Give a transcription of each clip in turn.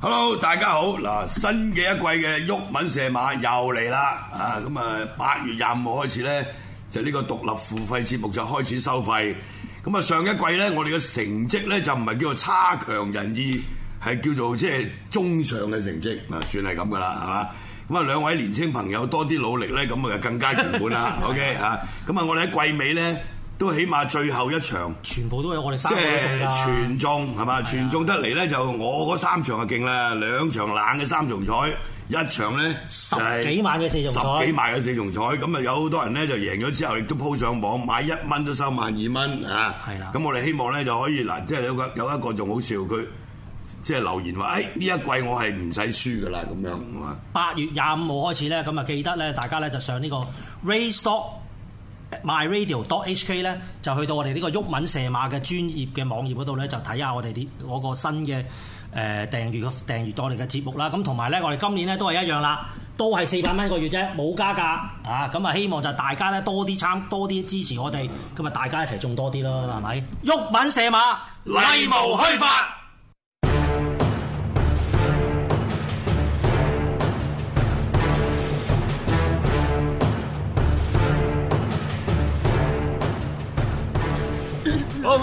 Hello，大家好！嗱，新嘅一季嘅《毓民射馬》又嚟啦，啊，咁啊八月廿五號開始咧，就呢個獨立付費節目就開始收費。咁啊，上一季咧，我哋嘅成績咧就唔係叫做差強人意，係叫做即係中上嘅成績，啊，算係咁噶啦，係嘛。咁啊，兩位年青朋友多啲努力咧，咁啊就更加圓滿啦。 OK，吓，咁啊，我哋喺季尾咧。都起碼最後一場，全部都有我哋三，即係全中係嘛？吧全中得嚟咧就我嗰三場就勁啦，兩場冷嘅三重彩，一場咧十幾萬嘅四重彩，十幾萬嘅四重彩咁啊、嗯、有好多人咧就贏咗之後亦都鋪上網買一蚊都收萬二蚊啊！係啦的，咁我哋希望咧就可以嗱，即係有個有一個仲好笑，佢即係留言話誒呢一季我係唔使輸㗎啦咁樣。八月廿五號開始咧，咁啊記得咧大家咧就上呢個 Race Stock myradio.hk 咧就去到我哋呢個毓民蛇馬嘅專業嘅網頁嗰度咧，就睇下我哋啲嗰個新嘅誒訂閲嘅訂閲台嚟嘅節目啦。咁同埋咧，我哋今年咧都係一樣啦，都係四百蚊一個月啫，冇加價啊。咁啊，希望就大家咧多啲參多啲支持我哋，今日大家一齊種多啲咯，係咪、嗯？毓民蛇馬，例無虛發。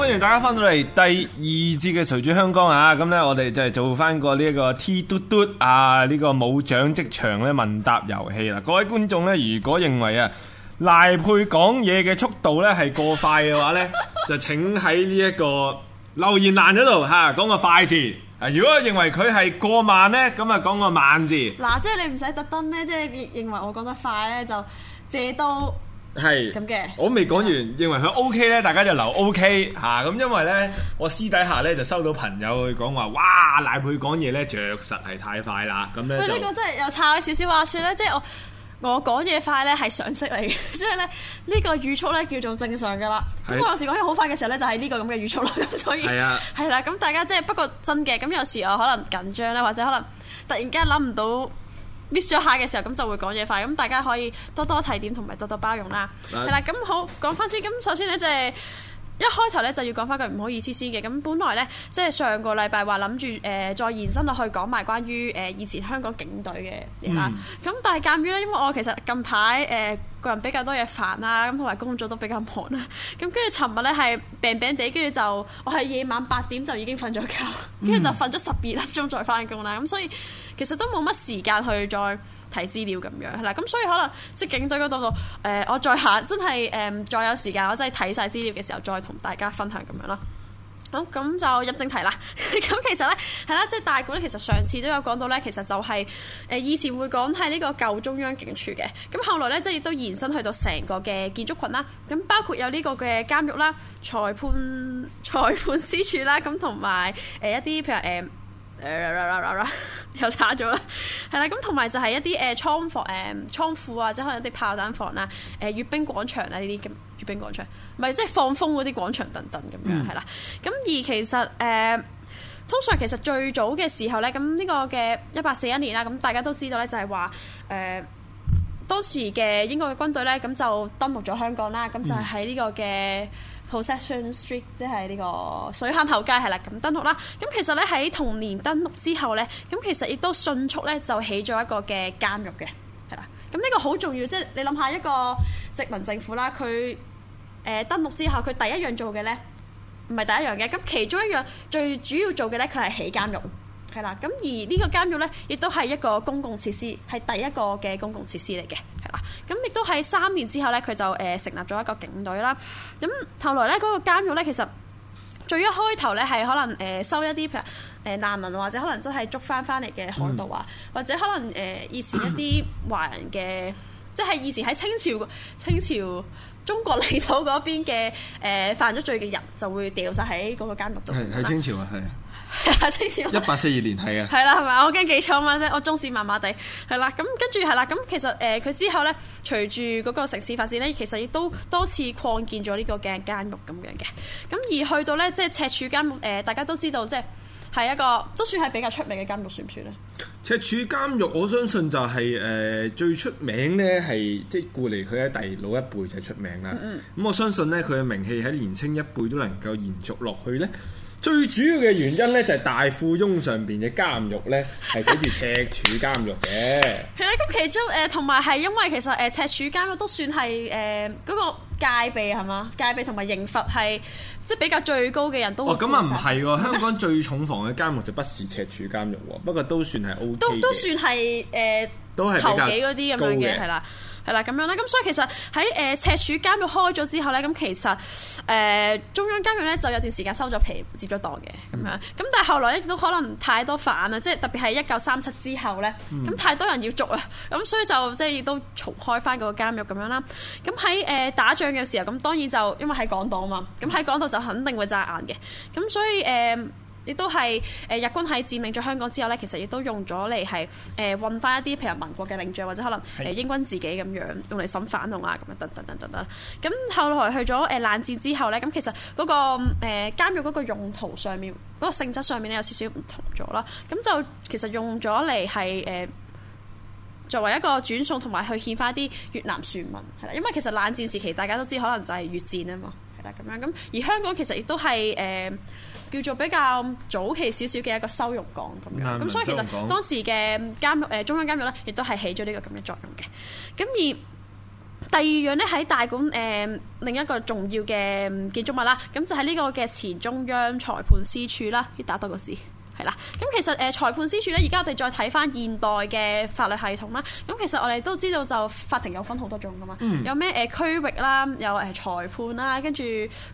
歡迎大家翻到嚟第二節嘅誰主香江啊！咁咧，我哋就係做翻個呢一個，個 T 嘟嘟啊呢、呢個冇獎職場咧問答遊戲啦！各位觀眾咧，如果認為啊賴珮講嘢嘅速度咧係過快嘅話咧， 就請喺呢一個留言欄嗰度吓講個快字；啊，如果認為佢係過慢咧，咁啊講個慢字。嗱、啊，即係你唔使特登咧，即係認為我講得快咧，就借刀。係，是我未講完，嗯、認為佢 O K 咧，大家就留 O K 嚇。咁因為咧，我私底下咧就收到朋友去講話，哇，賴珮講嘢咧着實係太快啦。咁咧，呢、嗯、就個真係又差少少話説咧，即、就、係、是、我我講嘢快咧係常識嚟嘅，即係咧呢、這個語速咧叫做正常㗎啦。咁、啊、我有時講嘢好快嘅時候咧就係呢個咁嘅語速啦。所以係啦，咁是、啊、 大家即係不過真嘅。咁有時候我可能緊張咧，或者可能突然間諗唔到。m i 下嘅時候，咁就會講嘢快，咁大家可以多多提點同埋多多包容啦。係啦 Right.，咁好講翻先，咁首先咧就係一開頭咧就要講翻句唔好意思先嘅。咁本來咧即係上個禮拜話諗住誒再延伸落去講埋關於誒以前香港警隊嘅嘢啦。咁、mm. 但係鑑於咧，因為我其實近排誒個人比較多嘢煩啦，咁同埋工作都比較忙啦。咁跟住尋日咧係病病地，跟住就我係夜晚八點就已經瞓咗覺，跟住就瞓咗十二粒鐘再翻工啦。咁所以。其實都冇乜時間去再睇資料咁樣，嗱咁所以可能即係警隊嗰度個我再下真係誒、呃、再有時間，我真係睇晒資料嘅時候再同大家分享咁樣啦。好，咁就入正題啦。咁 其實呢，係啦，即係大館呢其實上次都有講到呢，其實就係、是、誒、呃、以前會講係呢個舊中央警署嘅，咁後來呢，即係亦都延伸去到成個嘅建築群啦。咁包括有呢個嘅監獄啦、裁判裁判司署啦，咁同埋誒一啲譬如誒。呃誒，又差咗啦，係啦，咁同埋就係一啲誒倉房、誒倉庫啊，即可能啲炮彈房啦、誒閱兵廣場啦呢啲咁，閱兵廣場，唔係即係放風嗰啲廣場等等咁樣係啦。咁、嗯、而其實誒、呃，通常其實最早嘅時候咧，咁、這、呢個嘅一八四一年啦，咁大家都知道咧，就係話誒，當時嘅英國嘅軍隊咧，咁就登陸咗香港啦，咁、嗯、就喺呢個嘅。Possession Street 即係呢個水坑口街係啦，咁登陸啦。咁其實咧喺同年登陸之後咧，咁其實亦都迅速咧就起咗一個嘅監獄嘅，係啦。咁呢個好重要，即係你諗下一個殖民政府啦，佢誒登陸之後，佢第一樣做嘅咧唔係第一樣嘅，咁其中一樣最主要做嘅咧，佢係起監獄。係啦，咁而呢個監獄咧，亦都係一個公共設施，係第一個嘅公共設施嚟嘅，係啦。咁亦都喺三年之後咧，佢就誒成立咗一個警隊啦。咁後來咧，嗰個監獄咧，其實最一開頭咧，係可能誒收一啲譬如誒難民或者可能真係捉翻翻嚟嘅漢度啊，或者可能誒以前一啲華人嘅，即係、嗯、以前喺清朝清朝中國領土嗰邊嘅誒犯咗罪嘅人，就會掉晒喺嗰個監獄度。係喺清朝啊，係。一八四二年係啊，係啦，係咪？我驚記錯啊嘛，即係我中文麻麻地，係啦，咁跟住係啦，咁其實誒，佢、呃、之後咧，隨住嗰個城市發展咧，其實亦都多次擴建咗呢個嘅監獄咁樣嘅，咁而去到咧，即係赤柱監獄，誒、呃，大家都知道，即係係一個都算係比較出名嘅監獄，算唔算咧？赤柱監獄，我相信就係、是、誒、呃、最出名咧，係即係顧嚟佢喺第老一輩就出名啦。咁、嗯、我相信咧，佢嘅名氣喺年青一輩都能夠延續落去咧。最主要嘅原因咧，就係大富翁上邊嘅監獄咧，係寫住赤柱監獄嘅。係啦，咁其中誒同埋係因為其實誒、呃、赤柱監獄都算係誒嗰個戒備係嘛，戒備同埋刑罰係即係比較最高嘅人都、哦。咁啊唔係喎， 香港最重防嘅監獄就不是赤柱監獄喎，不過都算係 O、OK、都都算係誒，呃、都係比較嗰啲咁樣嘅係啦。 係啦，咁樣咧，咁所以其實喺誒、呃、赤柱監獄開咗之後咧，咁其實誒、呃、中央監獄咧就有段時間收咗皮、接咗檔嘅咁樣。咁但係後來亦都可能太多犯啦，即係特別係一九三七之後咧，咁、嗯、太多人要捉啦，咁所以就即係亦都重開翻嗰個監獄咁樣啦。咁喺誒打仗嘅時候，咁當然就因為喺港島啊嘛，咁喺港島就肯定會炸硬嘅。咁所以誒。呃亦都係誒、呃、日軍喺佔領咗香港之後咧，其實亦都用咗嚟係誒運翻一啲譬如民國嘅領袖或者可能誒英軍自己咁樣用嚟審犯人啊，咁樣等等等等啦。咁、嗯、後來去咗誒、呃、冷戰之後咧，咁其實嗰、那個誒、呃、監獄嗰個用途上面嗰、那個性質上面咧有少少唔同咗啦。咁就其實用咗嚟係誒作為一個轉送同埋去遣翻啲越南船民，係啦，因為其實冷戰時期大家都知可能就係越戰啊嘛，係啦咁樣咁，而香港其實亦都係誒。呃呃呃呃叫做比較早期少少嘅一個收容港咁樣，咁 所以其實當時嘅監獄誒、呃、中央監獄咧，亦都係起咗呢個咁嘅作用嘅。咁而第二樣咧，喺大館誒、呃、另一個重要嘅建築物啦，咁就係呢個嘅前中央裁判司處啦，要打多個字。係啦，咁其實誒裁判司處咧，而家我哋再睇翻現代嘅法律系統啦。咁其實我哋都知道，就法庭有分好多種噶嘛、嗯，有咩誒區域啦，有誒裁判啦，跟住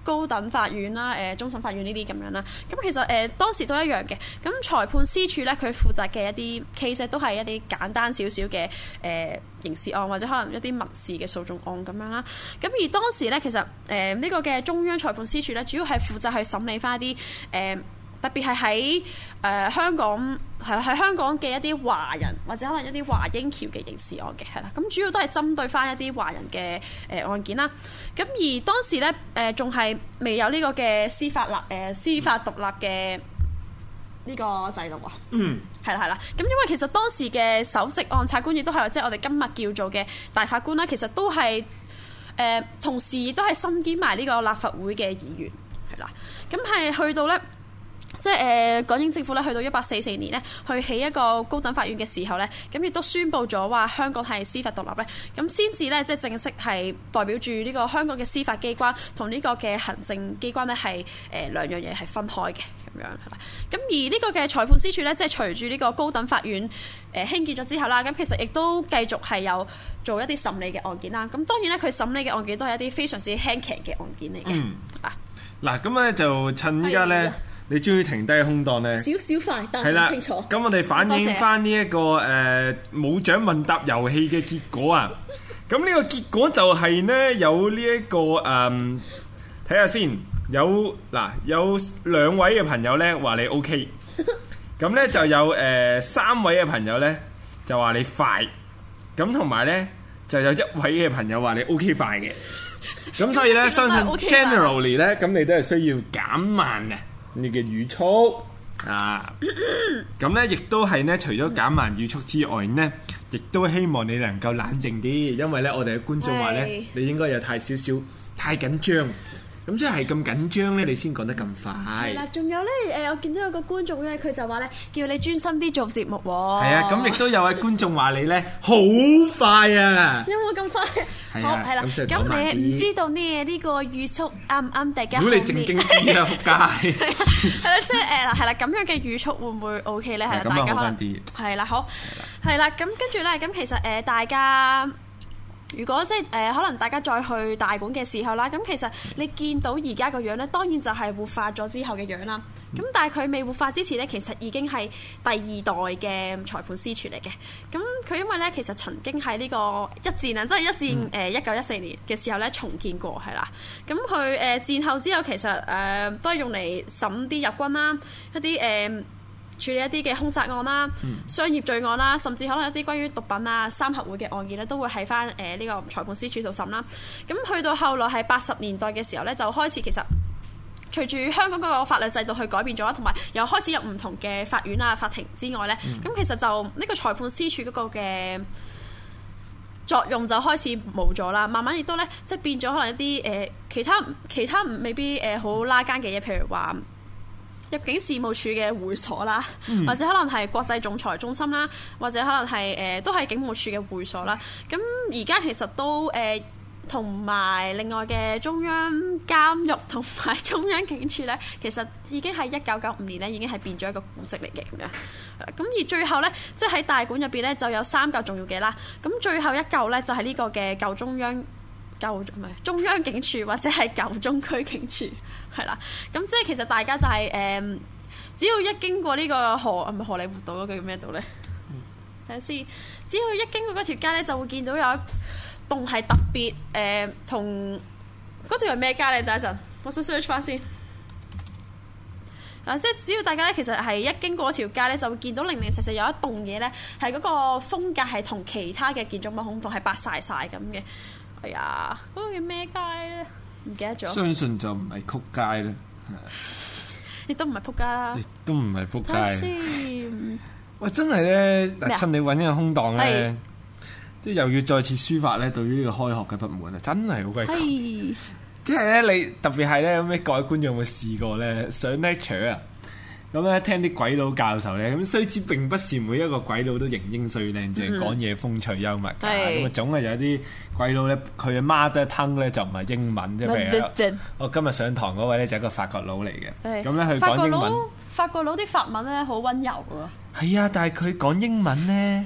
高等法院啦、誒中審法院呢啲咁樣啦。咁其實誒當時都一樣嘅。咁裁判司處咧，佢負責嘅一啲其 a 都係一啲簡單少少嘅誒刑事案，或者可能一啲民事嘅訴訟案咁樣啦。咁而當時咧，其實誒呢個嘅中央裁判司處咧，主要係負責去審理翻一啲誒。特別係喺誒香港係啦，喺香港嘅一啲華人或者可能一啲華英僑嘅刑事案嘅係啦，咁主要都係針對翻一啲華人嘅誒、呃、案件啦。咁而當時咧誒仲係未有呢個嘅司法立誒、呃、司法獨立嘅呢個制度啊。嗯，係啦係啦。咁因為其實當時嘅首席案察官亦都係即係我哋今日叫做嘅大法官啦，其實都係誒、呃、同時亦都係身兼埋呢個立法會嘅議員係啦。咁係去到咧。即係誒、呃，港英政府咧去到一八四四年咧，去起一個高等法院嘅時候呢，咁亦都宣布咗話香港係司法獨立呢，咁先至呢，即係正式係代表住呢個香港嘅司法機關同呢個嘅行政機關呢係誒、呃、兩樣嘢係分開嘅咁樣，咁而呢個嘅裁判司處呢，即係隨住呢個高等法院誒、呃、興建咗之後啦，咁其實亦都繼續係有做一啲審理嘅案件啦。咁當然呢，佢審理嘅案件都係一啲非常之輕劇嘅案件嚟嘅。嗯。嗱、啊，咁咧就趁依家呢。你終於停低嘅空檔咧，少少快，但唔清楚。咁我哋反映翻呢一個誒冇獎問答遊戲嘅結果啊！咁呢個結果就係咧有呢一個誒，睇下先，有嗱有兩位嘅朋友咧話你 O K，咁咧就有誒三位嘅朋友咧就話你快，咁同埋咧就有一位嘅朋友話你 O K 快嘅，咁所以咧相信 generally 咧咁你都係需要減慢嘅。你嘅語速啊，咁咧咳咳亦都係咧，除咗減慢語速之外呢，亦都希望你能夠冷靜啲，因為咧，我哋嘅觀眾話咧，Hey. 你應該有太少少太緊張。咁即係咁緊張咧，你先講得咁快。係啦，仲有咧，誒，我見到有個觀眾咧，佢就話咧，叫你專心啲做節目。係啊，咁亦都有位觀眾話你咧，好快啊。有冇咁快？好，係啊。係啦，咁你唔知道呢呢個語速啱唔啱大家？如果你靜靜啲啊，仆街。係咯，即係誒，係啦，咁樣嘅語速會唔會 OK 咧？係啊，大家可以。係啦，好。係啦，咁跟住咧，咁其實誒，大家。如果即係誒，可能大家再去大館嘅時候啦，咁其實你見到而家個樣呢，當然就係活化咗之後嘅樣啦。咁但係佢未活化之前呢，其實已經係第二代嘅裁判司處嚟嘅。咁佢因為呢，其實曾經喺呢個一戰啊，即係一戰誒一九一四年嘅時候呢，重建過係啦。咁佢誒戰後之後其實誒、呃、都係用嚟審啲日軍啦，一啲誒。呃處理一啲嘅兇殺案啦、嗯、商業罪案啦，甚至可能一啲關於毒品啊、三合會嘅案件咧，都會喺翻誒呢個裁判司署度審啦。咁去到後來係八十年代嘅時候咧，就開始其實隨住香港嗰個法律制度去改變咗，同埋又開始有唔同嘅法院啊、法庭之外咧，咁、嗯、其實就呢個裁判司署嗰個嘅作用就開始冇咗啦。慢慢亦都咧，即係變咗可能一啲誒、呃、其他其他未必誒、呃、好拉更嘅嘢，譬如話。入境事務處嘅會所啦，嗯、或者可能係國際仲裁中心啦，或者可能係誒、呃、都係警務處嘅會所啦。咁而家其實都誒同埋另外嘅中央監獄同埋中央警署咧，其實已經喺一九九五年咧已經係變咗一個古跡嚟嘅咁樣。咁而最後咧，即係喺大館入邊咧就有三嚿重要嘅啦。咁最後一嚿咧就係呢個嘅舊中央。舊唔係中央警署或者係舊中區警署係啦，咁、嗯、即係其實大家就係、是、誒、呃，只要一經過呢個河唔係荷里活道嗰個叫咩道咧？睇、嗯、下先，只要一經過嗰條街咧，就會見到有一棟係特別誒、呃，同嗰條係咩街咧？等一陣，我想 search 翻先。嗱、嗯，即係只要大家咧，其實係一經過一條街咧，就會見到零零實實有一棟嘢咧，係嗰個風格係同其他嘅建築物好唔同，係白晒晒咁嘅。係啊，嗰個叫咩街咧？唔記得咗。相信就唔係曲街咧，亦都唔係仆街啦。亦都唔係仆街。哇！真係咧，趁你搵呢個空檔咧，即係又要再次抒發咧，對於呢個開學嘅不滿啊，真係好鬼。即係咧，你特別係咧，有咩改觀？有冇試過咧？想咩？咁咧，聽啲鬼佬教授咧，咁雖知並不是每一個鬼佬都型英帥靚正，淨係講嘢風趣幽默。咁啊，總係有啲鬼佬咧，佢嘅 mother tongue 咧就唔係英文啫。譬如我今日上堂嗰位咧就係一個法國佬嚟嘅。咁咧佢講英文，法國佬啲法文咧好溫柔啊。係啊，但係佢講英文咧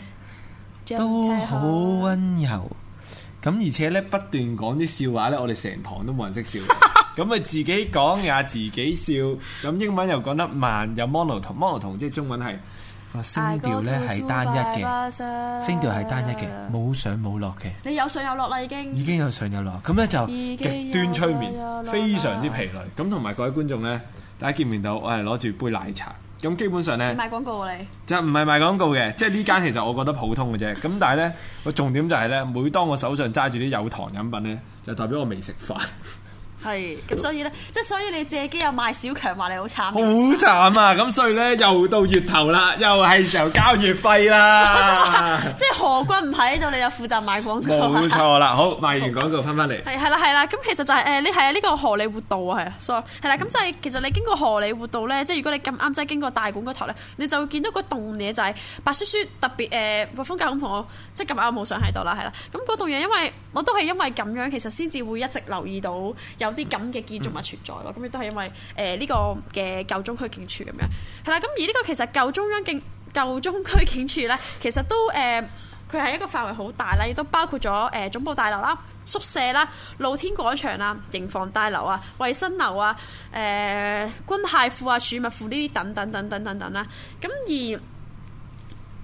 都好溫柔。咁而且咧不斷講啲笑話咧，我哋成堂都冇人識笑。咁咪自己講也自己笑，咁英文又講得慢，又 monotone monotone 即係中文係個聲調咧係單一嘅，聲調係單一嘅，冇上冇落嘅。你有上有落啦，已經已經有上有落，咁咧就有有極端催眠，非常之疲累。咁同埋各位觀眾咧，大家見唔見到我係攞住杯奶茶？咁基本上咧、啊、賣廣告喎你就唔係賣廣告嘅，即係呢間其實我覺得普通嘅啫。咁 但係咧個重點就係咧，每當我手上揸住啲有糖飲品咧，就代表我未食飯。 係咁，所以咧，即係所以你借機又賣小強，話你好慘。好慘啊！咁所以咧，又到月頭啦，又係時候交月費啦。 題即係何君唔喺度，你就負責賣廣告。冇錯啦，好賣完廣告翻返嚟。係係啦係啦，咁來其實就係、是、誒，你係啊呢個荷里活動啊，係，sorry，係啦，咁就係其實你經過荷里活道咧，即係如果你咁啱即係經過大館嗰頭咧，你就會見到個棟嘢就係、是、白雪雪特別誒個、呃、風格咁同，我，即係咁啱我冇上喺度啦，係啦，咁嗰度嘢因為我都係因為咁樣，其實先至會一直留意到有。啲咁嘅建築物存在咯，咁亦都係因為誒呢、呃這個嘅舊中區警署咁樣，係啦。咁而呢個其實舊中央警舊中區警署咧，其實都誒，佢、呃、係一個範圍好大啦，亦都包括咗誒、呃、總部大樓啦、宿舍啦、露天廣場啊、營房大樓啊、衛生樓啊、誒、呃、軍械庫啊、儲物庫呢啲等等等等等等啦。咁、呃、而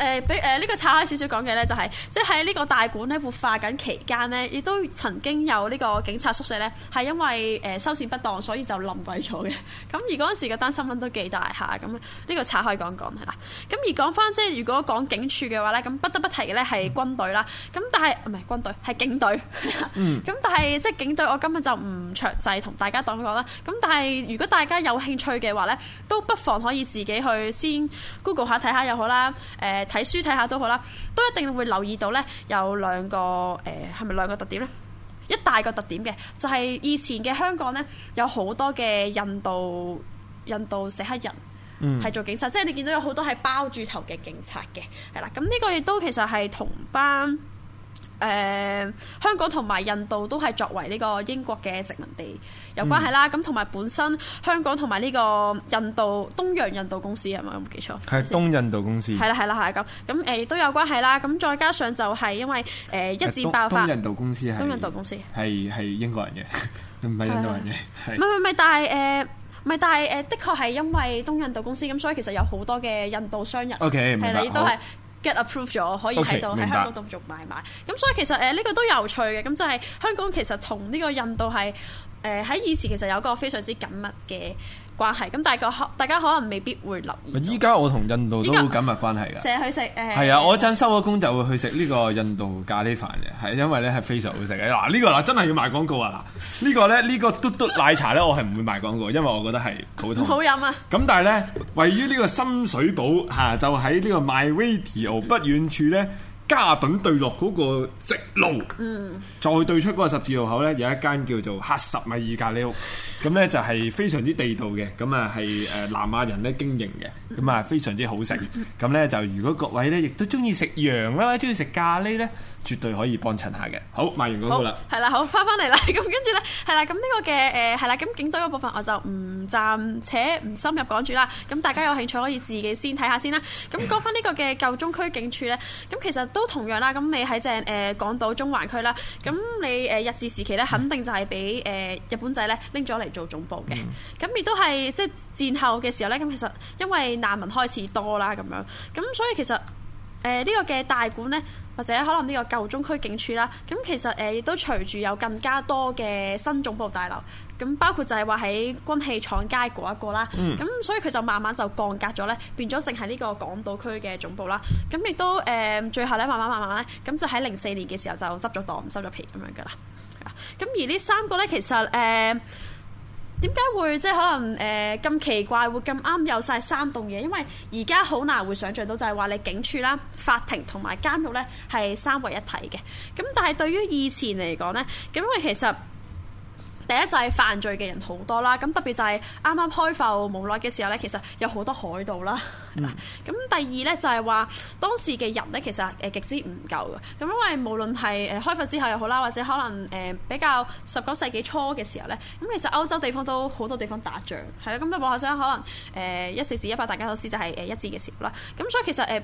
誒，俾誒呢個拆開少少講嘅咧，就係即係喺呢個大館咧活化緊期間咧，亦都曾經有呢個警察宿舍咧，係因為誒、呃、收線不當，所以就冧鬼咗嘅。咁而嗰陣時單、這個單新聞都幾大下咁，呢個拆開講講係啦。咁而講翻即係如果講警署嘅話咧，咁不得不提嘅咧係軍隊啦。咁但係唔係軍隊係警隊。咁、 嗯、但係即係警隊，我今日就唔詳細同大家講講啦。咁但係如果大家有興趣嘅話咧，都不妨可以自己去先 Google 下睇下又好啦。誒、呃。呃睇書睇下都好啦，都一定會留意到呢。有兩個誒係咪兩個特點呢？一大一個特點嘅就係、是、以前嘅香港呢，有好多嘅印度印度死黑人，嗯，係做警察，嗯、即係你見到有好多係包住頭嘅警察嘅，係啦。咁呢個亦都其實係同班誒、呃、香港同埋印度都係作為呢個英國嘅殖民地。嗯、有關係啦，咁同埋本身香港同埋呢個印度東洋印度公司係咪？我冇記錯係東印度公司，係啦係啦，係咁咁誒，都有關係啦。咁再加上就係因為誒一戰爆發，東印度公司係東印度公司係係英國人嘅，唔係印度人嘅，係咪咪咪？但係誒咪但係誒，的確係因為東印度公司咁，所以其實有好多嘅印度商人 OK 係啦，亦都係 get approved 咗，可以喺度喺香港度做買賣咁，所以其實誒呢個都有趣嘅。咁就係香港其實同呢個印度係誒喺、呃、以前其實有個非常之緊密嘅關係，咁但係大家可能未必會留意。依家我同印度都好緊密關係㗎。成日去食誒係啊，我一陣收咗工就會去食呢個印度咖喱飯嘅，係因為咧係非常好食嘅。嗱呢個嗱真係要賣廣告啊！嗱呢個咧呢個嘟嘟奶茶咧我係唔會賣廣告，因為我覺得係普通。好飲啊！咁但係咧，位於呢個深水埗嚇，就喺呢個 My Radio 不遠處咧。嘉頓對落嗰個直路，嗯，再對出嗰個十字路口咧，有一間叫做黑十米意咖喱屋，咁咧就係非常之地道嘅，咁啊係誒南亞人咧經營嘅，咁啊非常之好食，咁咧、嗯嗯、就如果各位咧亦都中意食羊啦，中意食咖喱咧，絕對可以幫襯下嘅。好，賣完嗰個啦，係啦，好翻返嚟啦，咁跟住咧係啦，咁呢個嘅誒係啦，咁警隊嘅部分我就唔暫且唔深入講住啦，咁大家有興趣可以自己先睇下先啦。咁講翻呢個嘅舊中區警署咧，咁其實都。都同樣啦，咁你喺正誒港島中環區啦，咁你誒日治時期咧，肯定就係俾誒日本仔咧拎咗嚟做總部嘅，咁亦、嗯、都係即係戰後嘅時候咧，咁其實因為難民開始多啦咁樣，咁所以其實。誒呢、呃呢個嘅大館呢，或者可能呢個舊中區警署啦，咁其實誒亦、呃、都隨住有更加多嘅新總部大樓，咁包括就係話喺軍器廠街嗰一個啦，咁、嗯、所以佢就慢慢就降格咗呢，變咗淨係呢個港島區嘅總部啦，咁亦都誒、呃、最後呢，慢慢慢慢呢，咁就喺零四年嘅時候就執咗檔，收咗皮咁樣噶啦，咁而呢三個呢，其實誒。呃點解會即係可能誒咁、呃、奇怪會咁啱有晒三棟嘢？因為而家好難會想像到就係話你警署啦、法庭同埋監獄呢係三位一體嘅。咁但係對於以前嚟講呢，咁因為其實。第一就係、是、犯罪嘅人好多啦，咁特別就係啱啱開埠無奈嘅時候呢，其實有好多海盜啦。嗱、嗯，咁 第二呢，就係、是、話當時嘅人呢，其實誒極之唔夠嘅。咁因為無論係誒開埠之後又好啦，或者可能誒比較十九世紀初嘅時候呢，咁其實歐洲地方都好多地方打仗，係啦。咁都冇話將可能誒一四至一八大家都知就係誒一戰嘅時候啦。咁所以其實誒。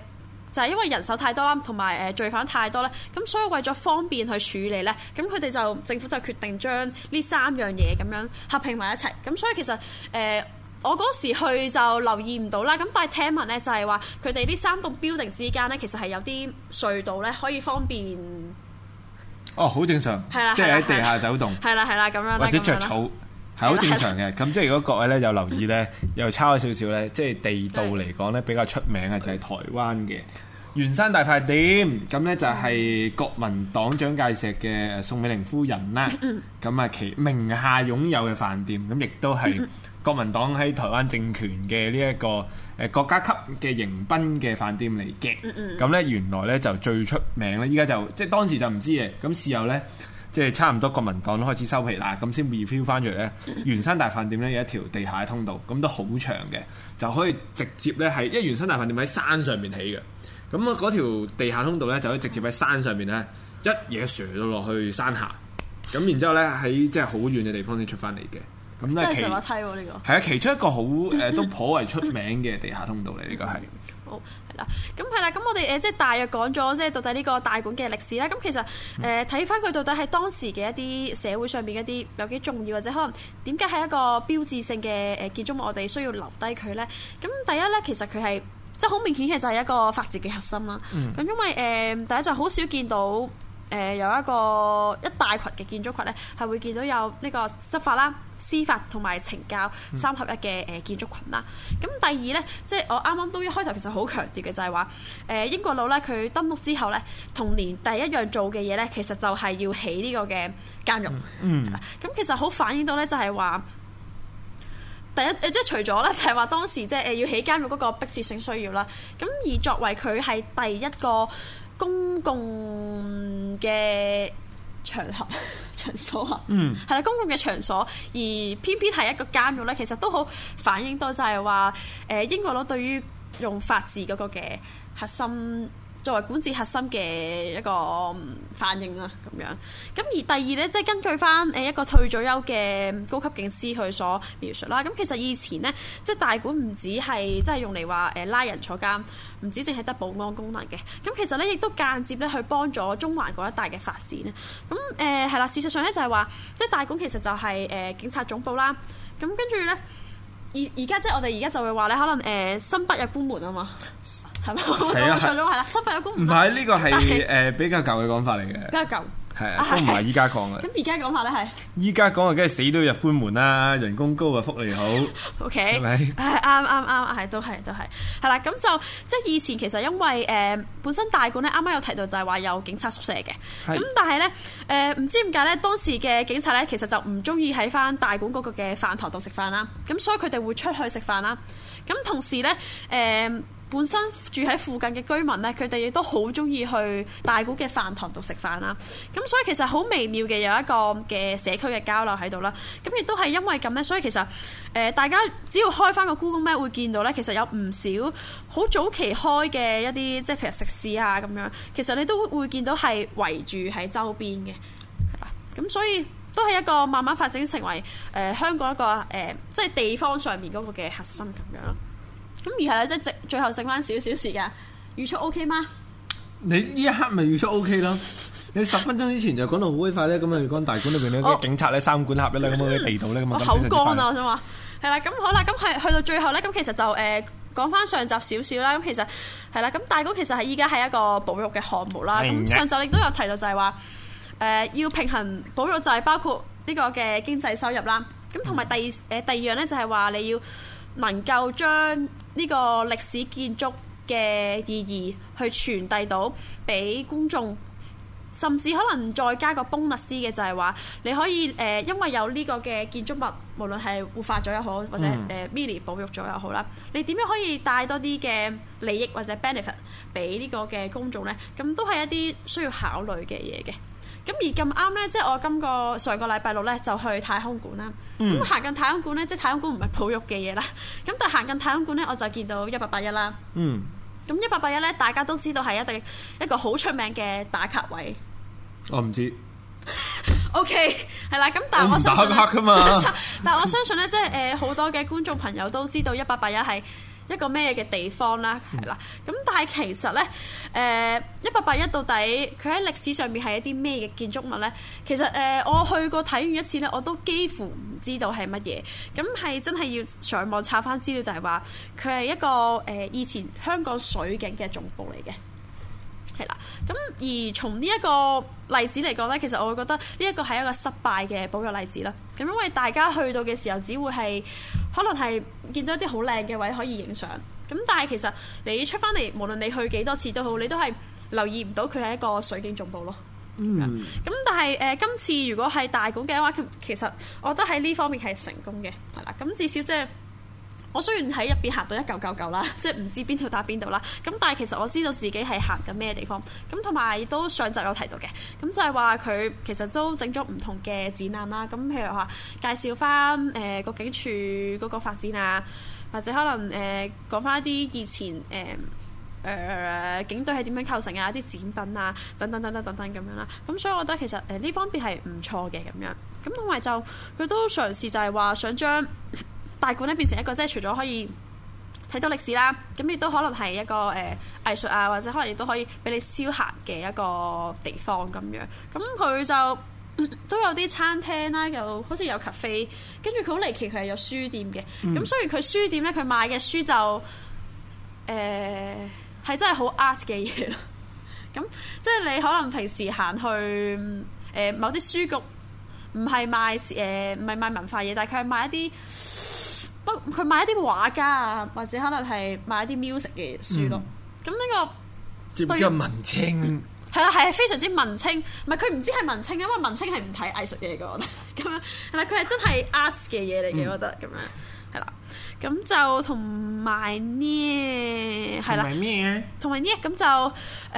就係因為人手太多啦，同埋誒罪犯太多啦，咁所以為咗方便去處理咧，咁佢哋就政府就決定將呢三樣嘢咁樣合併埋一齊。咁所以其實誒，我嗰時去就留意唔到啦。咁但係聽聞咧，就係話佢哋呢三棟 building 之間咧，其實係有啲隧道咧，可以方便。哦，好正常，係啦，即係喺地下走動，係啦係啦咁樣，或者着草係好正常嘅。咁即係如果各位咧有留意咧，又差咗少少咧，即係地道嚟講咧比較出名嘅就係台灣嘅。圓山大飯店咁呢就係國民黨蔣介石嘅宋美齡夫人啦。咁啊、嗯、其名下擁有嘅飯店，咁亦都係國民黨喺台灣政權嘅呢一個誒國家級嘅迎賓嘅飯店嚟嘅。咁呢，原來呢就最出名咧，依家就即係當時就唔知嘅。咁事後呢，即係差唔多國民黨都開始收皮啦，咁先 review 翻著，圓山大飯店呢有一條地下通道，咁都好長嘅，就可以直接呢係，因為圓山大飯店喺山上面起嘅。咁啊，嗰條地下通道咧，就可以直接喺山上面咧，一嘢射咗落去山下。咁然之後咧，喺即係好遠嘅地方先出翻嚟嘅。咁即係石馬梯呢個係啊，其中這個 一個好誒、呃，都頗為出名嘅地下通道嚟，呢 個係好係啦。咁係啦，咁我哋誒即係大約講咗，即係到底呢個大館嘅歷史啦。咁其實誒睇翻佢到底喺當時嘅一啲社會上邊一啲有幾重要，或者可能點解係一個標誌性嘅誒建築物，我哋需要留低佢咧。咁第一咧，其實佢係。即係好明顯嘅就係一個法治嘅核心啦。咁、嗯、因為誒、呃、第一就好、是、少見到誒、呃、有一個一大群嘅建築群咧，係會見到有呢個執法啦、司法同埋懲教三合一嘅誒建築群啦。咁、嗯、第二咧，即、就、係、是、我啱啱都一開頭其實好強調嘅就係話，誒、呃、英國佬咧佢登陸之後咧，同年第一樣做嘅嘢咧，其實就係要起呢個嘅監獄。嗯。係啦。咁其實好反映到咧，就係話。第一誒即係除咗呢，就係話當時即係誒要起監獄嗰個迫切性需要啦。咁而作為佢係第一個公共嘅場合場所啊，嗯，係啦，公共嘅場所，而偏偏係一個監獄咧，其實都好反映到就係話誒英國佬對於用法治嗰個嘅核心。作為管治核心嘅一個、嗯、反應啦、啊，咁樣咁而第二咧，即係根據翻誒一個退咗休嘅高級警司佢所描述啦、啊，咁其實以前咧，即係大館唔止係即係用嚟話誒拉人坐監，唔止淨係得保安功能嘅，咁其實咧亦都間接咧去幫咗中環嗰一帶嘅發展咧，咁誒係啦，事實上咧就係話，即係大館其實就係、是、誒、呃、警察總部啦，咁跟住咧。而而家即係我哋而家就會話咧，可能誒生不入官門啊嘛，係、呃、咪？我唱咗係啦，生不入官門。唔係呢個係誒比較舊嘅講法嚟嘅。比較舊。係啊，都唔係依家講嘅。咁而家講下咧，係依家講啊，梗係死都要入官門啦，人工高啊，福利好。OK，係咪？啱啱啱，係都係都係，係啦。咁就即係以前其實因為誒本身大館咧，啱啱有提到就係話有警察宿舍嘅。咁但係咧誒唔知點解咧當時嘅警察咧，其實就唔中意喺翻大館嗰個嘅飯堂度食飯啦。咁所以佢哋會出去食飯啦。咁同時咧誒。嗯本身住喺附近嘅居民咧，佢哋亦都好中意去大館嘅飯堂度食飯啦。咁所以其實好微妙嘅有一個嘅社區嘅交流喺度啦。咁亦都係因為咁咧，所以其實誒、呃、大家只要開翻個 Google Map 會見到咧，其實有唔少好早期開嘅一啲即係譬如食肆啊咁樣，其實你都會見到係圍住喺周邊嘅。係啦。咁所以都係一個慢慢發展成為誒、呃、香港一個誒、呃、即係地方上面嗰個嘅核心咁樣咯。咁而係咧，即係最後剩翻少少時間，預測 O K 嗎？你呢一刻咪預測 O K 咯？你十分鐘之前就講到好鬼快咧，咁啊，嗰間大館裏邊咧，啲警察咧，哦、三管合一咧，咁嗰啲地圖咧，咁啊，我口乾啊，想話係啦，咁好啦，咁係去到最後咧，咁其實就誒、呃、講翻上集少少啦，咁其實係啦，咁大館其實係依家係一個保育嘅項目啦。咁上集亦都有提到就係話誒要平衡保育就係包括呢個嘅經濟收入啦，咁同埋第誒第二樣咧就係話你要能夠將呢個歷史建築嘅意義，去傳遞到俾公眾，甚至可能再加個 bonus 啲嘅就係話，你可以誒、呃，因為有呢個嘅建築物，無論係活化咗又好，或者誒、呃、mini 保育咗又好啦，你點樣可以帶多啲嘅利益或者 benefit 俾呢個嘅公眾呢？咁都係一啲需要考慮嘅嘢嘅。咁而咁啱咧，即、就、係、是、我今、這個上個禮拜六咧就去太空館啦。咁、嗯、行近太空館咧，即、就、係、是、太空館唔係保育嘅嘢啦。咁但係行近太空館咧，我就見到一八八一啦。嗯，咁一八八一咧，大家都知道係一定一個好出名嘅打卡位。我唔知。O K，係啦。咁但係我相信。打卡㗎嘛。 但係我相信咧，即係誒好多嘅觀眾朋友都知道一八八一係。一個咩嘅地方啦，係啦，咁但係其實呢，誒一八八一到底佢喺歷史上面係一啲咩嘅建築物呢？其實誒、呃、我去過睇完一次呢，我都幾乎唔知道係乜嘢，咁係真係要上網查翻資料，就係話佢係一個誒、呃、以前香港水警嘅總部嚟嘅。係啦，咁而從呢一個例子嚟講呢，其實我會覺得呢一個係一個失敗嘅保育例子啦。咁因為大家去到嘅時候，只會係可能係見到一啲好靚嘅位可以影相，咁但係其實你出翻嚟，無論你去幾多次都好，你都係留意唔到佢係一個水警總部咯。嗯。咁但係誒，今次如果係大館嘅話，其實我覺得喺呢方面係成功嘅，係啦。咁至少即係。我雖然喺入邊行到一嚿嚿嚿啦，即係唔知邊條搭邊度啦，咁但係其實我知道自己係行緊咩地方，咁同埋都上集有提到嘅，咁就係話佢其實都整咗唔同嘅展覽啦，咁譬如話介紹翻誒個警署嗰個發展啊，或者可能誒講翻一啲以前誒誒、呃、警隊係點樣構成啊，一啲展品啊，等等等等等等咁樣啦，咁所以我覺得其實誒呢、呃、方面係唔錯嘅咁樣，咁同埋就佢都嘗試就係話想將，大館咧變成一個即係除咗可以睇到歷史啦，咁亦都可能係一個誒、呃、藝術啊，或者可能亦都可以俾你消閒嘅一個地方咁樣。咁佢就、嗯、都有啲餐廳啦，又好似有 cafe，跟住佢好離奇，佢係有書店嘅。咁所以佢書店咧，佢賣嘅書就誒係、呃、真係好 art 嘅嘢咯。咁 即係你可能平時行去誒、呃、某啲書局，唔係賣誒唔係賣文化嘢，但係佢係賣一啲。佢買一啲畫家啊，或者可能係買一啲 music 嘅書咯。咁呢、嗯、個叫唔叫文青？係啊，係非常之文青。唔係佢唔知係文青，因為文青係唔睇藝術嘅嘢嘅。咁 樣、嗯，但係佢係真係 arts 嘅嘢嚟嘅。我覺得咁樣係啦。咁就同埋呢，係啦，同埋呢，咁就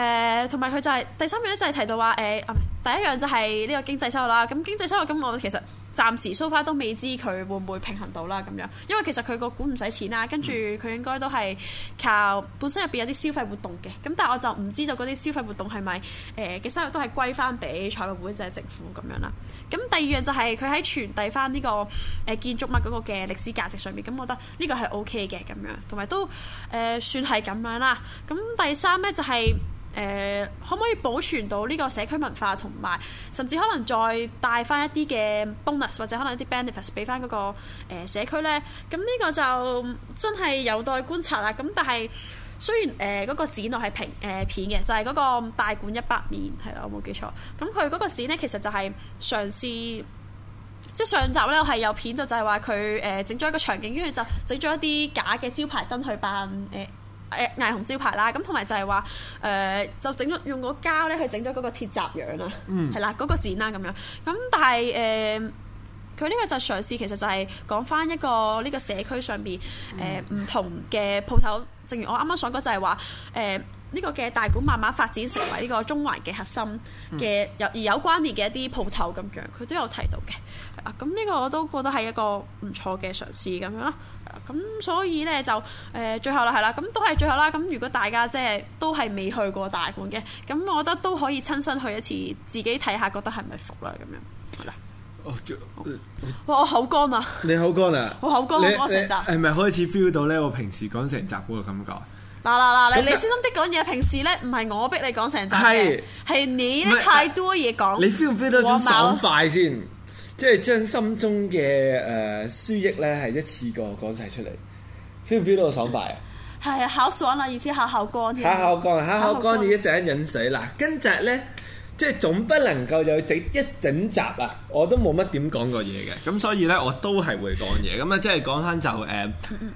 誒，同埋佢就係、是、第三樣咧，就係提到話誒，唔、欸、第一樣就係呢個經濟收入啦。咁經濟收入咁我其實。暫時蘇花都未知佢會唔會平衡到啦咁樣，因為其實佢個股唔使錢啦，跟住佢應該都係靠本身入邊有啲消費活動嘅，咁但係我就唔知道嗰啲消費活動係咪誒嘅收入都係歸翻俾財務會就係、是、政府咁樣啦。咁第二樣就係佢喺傳遞翻呢個誒建築物嗰個嘅歷史價值上面，咁我覺得呢個係 OK 嘅咁樣，同埋都誒、呃、算係咁樣啦。咁第三咧就係、是。誒、呃，可唔可以保存到呢個社區文化同埋，甚至可能再帶翻一啲嘅 bonus 或者可能一啲 benefits 俾翻、那、嗰個、呃、社區咧？咁呢個就真係有待觀察啦。咁但係雖然誒嗰、呃那個展我係平誒、呃、片嘅，就係、是、嗰個大館一百面，係啦，我冇記錯。咁佢嗰個展咧，其實就係嘗試即係上集咧、就是，我係有片到就，就係話佢誒整咗一個場景，跟住就整咗一啲假嘅招牌燈去扮誒。呃誒霓虹招牌啦，咁同埋就係話誒，就整咗用個膠咧去整咗嗰個鐵閘樣啊，係、嗯、啦，嗰、那個展啦咁樣，咁但係誒，佢、呃、呢個就係嘗試其實就係講翻一個呢、這個社區上邊誒唔同嘅鋪頭，正如我啱啱所講就係話誒。呃呢個嘅大館慢慢發展成為呢個中環嘅核心嘅有、嗯、而有關聯嘅一啲鋪頭咁樣，佢都有提到嘅。咁呢個我都覺得係一個唔錯嘅嘗試咁樣啦。咁所以咧就誒、呃、最後啦，係啦，咁都係最後啦。咁如果大家即係都係未去過大館嘅，咁我覺得都可以親身去一次，自己睇下覺得係咪服啦咁樣。嗱，哇！我口乾啊，你好乾啊，我口乾，我講成集，係咪開始 feel 到咧？我平時講成集嗰個感覺？嗱嗱嗱，啦啦樣你你小心啲講嘢，平時咧唔係我逼你講成集嘅，係是你咧太多嘢講、啊，你 feel 唔 feel 到一種爽快先？即係將心中嘅誒輸益咧係一次過講晒出嚟，feel 唔 feel 到個爽快啊？係啊、嗯，好爽啊，而且口乾下口乾，下口乾下口乾，下口下口乾，你一陣飲水，嗱，跟住咧。即係總不能夠有整一整集啊！我都冇乜點講過嘢嘅，咁所以呢，我都係會講嘢，咁咧即係講翻就誒誒、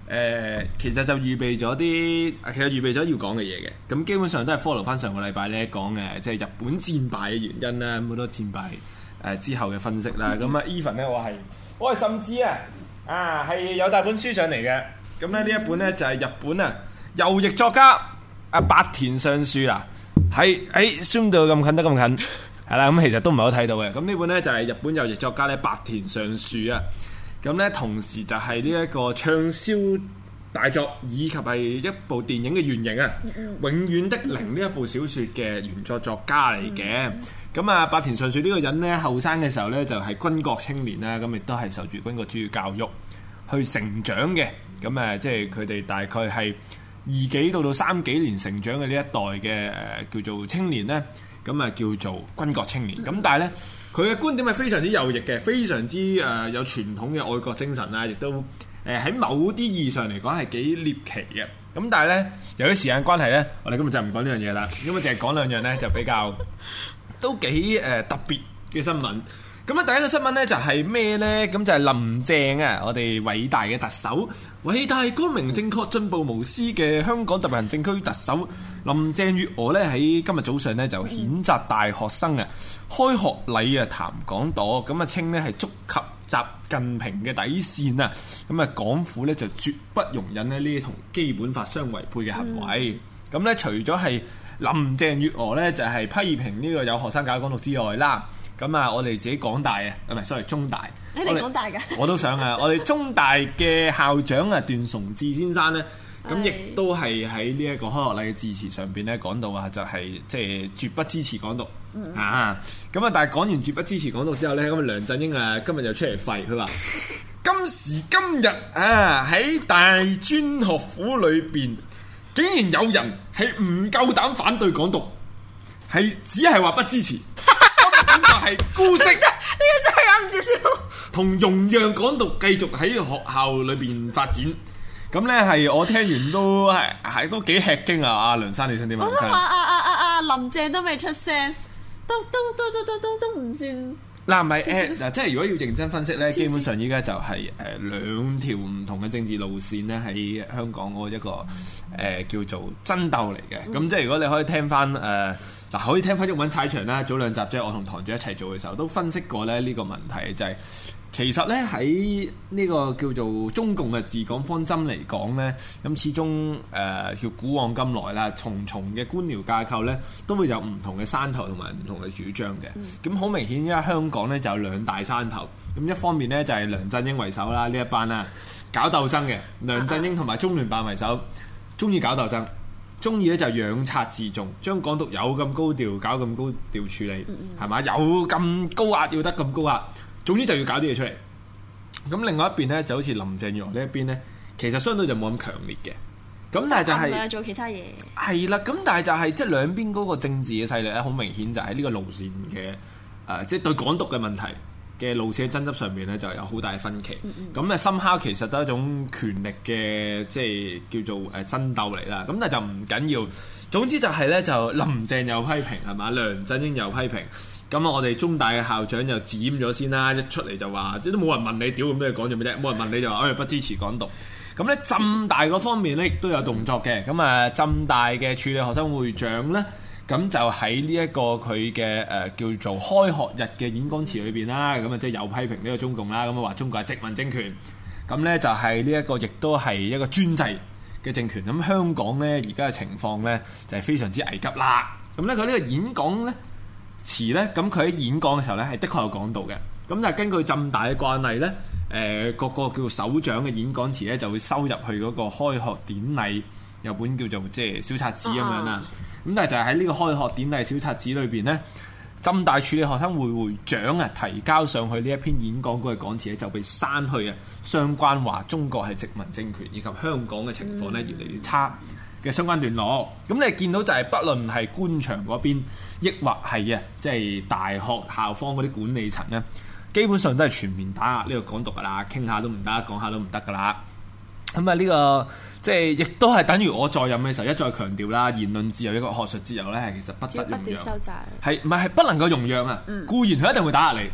呃，其實就預備咗啲，其實預備咗要講嘅嘢嘅，咁基本上都係 follow 翻上個禮拜呢講嘅，即係、就是、日本戰敗嘅原因啦、啊，咁好多戰敗誒之後嘅分析啦、啊，咁啊 even 呢，我係我係甚至啊啊係有大本書上嚟嘅，咁咧呢一本呢，就係、是、日本啊右翼作家阿百田尚樹啊。喺喺 Zoom 到咁近得咁近。係啦，咁其實都唔係好睇到嘅。咁呢本呢，就係、是、日本有記作家咧白田上樹啊，咁呢，同時就係呢一個暢銷大作，以及係一部電影嘅原型啊，嗯《永遠的零》呢一部小說嘅原作作家嚟嘅。咁、嗯、啊，白田上樹呢個人呢，後生嘅時候呢，就係、是、軍國青年啦，咁亦都係受住軍國主義教育去成長嘅。咁誒，即係佢哋大概係。二幾到到三幾年成長嘅呢一代嘅誒、呃、叫做青年呢，咁、呃、啊叫做軍國青年。咁但係呢，佢嘅觀點係非常之右翼嘅，非常之誒、呃、有傳統嘅愛國精神啊，亦都誒喺、呃、某啲意義上嚟講係幾獵奇嘅。咁但係呢，由於時間關係呢，我哋今日就唔講呢樣嘢啦，今日淨係講兩樣呢，就比較都幾誒、呃、特別嘅新聞。咁啊！第一個新聞呢，就係咩呢？咁就係林鄭啊，我哋偉大嘅特首，偉大光明正確進步無私嘅香港特別行政區特首林鄭月娥呢，喺今日早上呢，就譴責大學生啊，開學禮啊談港獨，咁啊稱呢係觸及習近平嘅底線啊，咁啊港府呢，就絕不容忍呢呢啲同基本法相違背嘅行為。咁呢、嗯，除咗係林鄭月娥呢，就係批評呢個有學生搞港獨之外啦。咁啊，我哋自己港大啊，唔係，sorry，中大。你哋港大噶？我都想啊，我哋中大嘅校長啊， 段崇智先生呢，咁 亦都係喺呢一個開學禮嘅致辭上邊呢，講到啊，就係即係絕不支持港獨啊。咁、嗯、啊，但係講完絕不支持港獨之後呢，咁啊，梁振英啊，今日又出嚟廢，佢話 今時今日啊，喺大專學府裏邊，竟然有人係唔夠膽反對港獨，係只係話不支持。 係姑息，呢個真係忍唔住笑。同 縱容港獨繼續喺學校裏邊發展，咁咧係我聽完都係係都幾吃驚啊！阿梁生你想點啊？我想話阿阿阿阿林鄭都未出聲，都都都都都都都唔算。嗱、 啊，唔係誒，嗱、呃，即係如果要認真分析咧，基本上依家就係誒兩條唔同嘅政治路綫咧，喺香港嗰一個誒、嗯呃、叫做爭鬥嚟嘅。咁、嗯、即係如果你可以聽翻誒。呃嗱，可以聽翻一文拆場啦，早兩集即係我同堂主一齊做嘅時候都分析過咧呢個問題，就係、是、其實咧喺呢個叫做中共嘅治港方針嚟講咧，咁始終誒叫古往今來啦，重重嘅官僚架構咧都會有唔同嘅山頭同埋唔同嘅主張嘅。咁好、嗯、明顯，而家香港咧就有兩大山頭，咁一方面咧就係梁振英為首啦，呢一班啦搞鬥爭嘅，梁振英同埋中聯辦為首，中意、啊、搞鬥爭。中意咧就養寇自重，將港獨有咁高調，搞咁高調處理，係嘛、嗯嗯？有咁高壓要得咁高壓，總之就要搞啲嘢出嚟。咁另外一邊咧就好似林鄭月娥呢一邊咧，其實相對就冇咁強烈嘅。咁但係就係、是嗯嗯啊、做其他嘢係啦。咁但係就係、是、即係兩邊嗰個政治嘅勢力咧，好明顯就係呢個路線嘅誒、呃，即係對港獨嘅問題。嘅路線爭執上面咧，就有好大分歧。咁咧、嗯，深烤其實都係一種權力嘅，即係叫做誒爭鬥嚟啦。咁但係就唔緊要。總之就係咧，就林鄭又批評係嘛，梁振英又批評。咁啊，我哋中大嘅校長又檢咗先啦，一出嚟就話，即都冇人問你、嗯、屌咁咩嘢講做咩啫？冇人問你就話，誒不支持港獨。咁咧，浸大嗰方面咧，都有動作嘅。咁啊，浸大嘅處理學生會長咧。呢嗯嗯咁就喺呢一個佢嘅誒叫做開學日嘅演講詞裏邊啦，咁啊即係又批評呢個中共啦，咁啊話中國係殖民政權，咁呢就係呢一個亦都係一個專制嘅政權。咁香港呢而家嘅情況呢，就係、是、非常之危急啦。咁咧佢呢個演講咧詞呢，咁佢喺演講嘅時候呢，係的確有講到嘅。咁就根據浸大嘅慣例呢，誒、呃、各個叫首長嘅演講詞呢，就會收入去嗰個開學典禮有本叫做即係小冊子咁樣啦。啊。咁但係就係喺呢個開學典禮小冊子裏邊呢，浸大處理學生會會長啊提交上去呢一篇演講嗰個講詞咧就被刪去啊，相關話中國係殖民政權以及香港嘅情況咧越嚟越差嘅相關段落。咁、嗯、你見到就係不論係官場嗰邊，抑或係啊，即係大學校方嗰啲管理層呢，基本上都係全面打壓呢個港獨㗎喇，傾下都唔得，講下都唔得㗎喇。咁啊呢個。即係，亦都係等於我在任嘅時候一再強調啦，言論自由一個學術自由咧，係其實不得，容不得。不斷收窄係，唔係係不能夠容讓啊！嗯、固然佢一定會打壓你，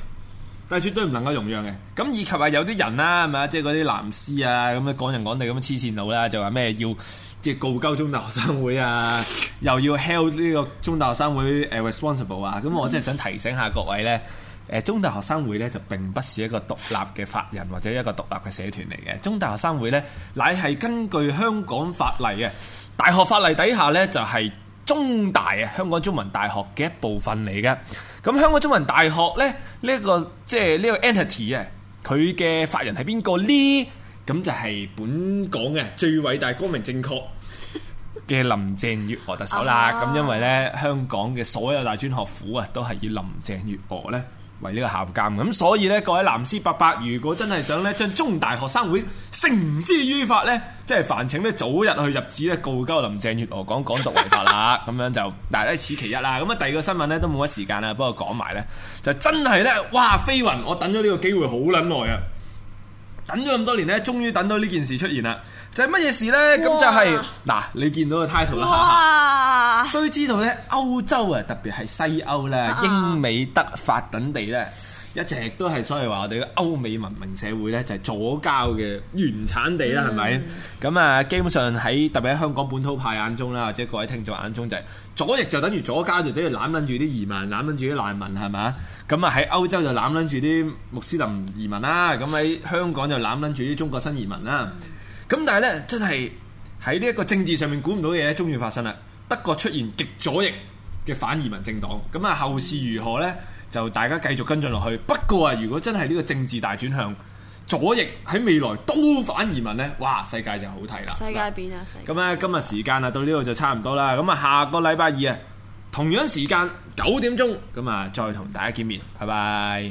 但係絕對唔能夠容讓嘅。咁以及係有啲人啦，係咪，即係嗰啲藍絲啊，咁樣講人講地咁樣黐線佬啦，就話咩要即係告鳩中大學生會啊， 又要 held 呢個中大學生會誒 responsible 啊，咁、嗯、我真係想提醒下各位咧。誒中大學生會咧就並不是一個獨立嘅法人或者一個獨立嘅社團嚟嘅，中大學生會呢，乃係根據香港法例嘅大學法例底下呢，就係、是、中大啊，香港中文大學嘅一部分嚟嘅。咁香港中文大學呢，呢、這、一個即係呢個 entity 啊，佢嘅法人係邊個呢？咁就係本港嘅最偉大光明正確嘅林鄭月娥特首啦。咁、 啊、因為呢，香港嘅所有大專學府啊都係以林鄭月娥呢。為呢個校監咁，所以呢，各位藍絲伯伯，如果真係想咧將中大學生會繩之於法呢，即係煩請咧早日去入紙呢，告鳩林鄭月娥講港獨違法啦，咁 樣就，但係呢此其一啦，咁啊第二個新聞呢，都冇乜時間啦，不過講埋呢，就真係呢。哇飛雲，我等咗呢個機會好撚耐啊！等咗咁多年咧，終於等到呢件事出現啦！就係乜嘢事呢？咁哇 就係、是、嗱哇，你見到個 title 啦嚇。須哇 知道呢，歐洲啊，特別係西歐呢，啊、英美德法等地呢。一直都係所謂話我哋嘅歐美文明社會呢，就係左膠嘅原產地啦，係咪？咁啊，基本上喺特別喺香港本土派眼中啦，或者各位聽眾眼中就係左翼就等於左膠，就等於攬撚住啲移民，攬撚住啲難民，係咪啊？咁啊喺歐洲就攬撚住啲穆斯林移民啦，咁喺香港就攬撚住啲中國新移民啦。咁但係呢，真係喺呢一個政治上面，估唔到嘢終於發生啦！德國出現極左翼嘅反移民政黨，咁啊，後事如何呢？就大家繼續跟進落去。不過啊，如果真係呢個政治大轉向左翼喺未來都反移民呢？哇！世界就好睇啦。世界變咗。咁咧，今日時間啊，到呢度就差唔多啦。咁、嗯、啊，下個禮拜二啊，同樣時間九點鐘，咁啊、嗯，再同大家見面。拜拜。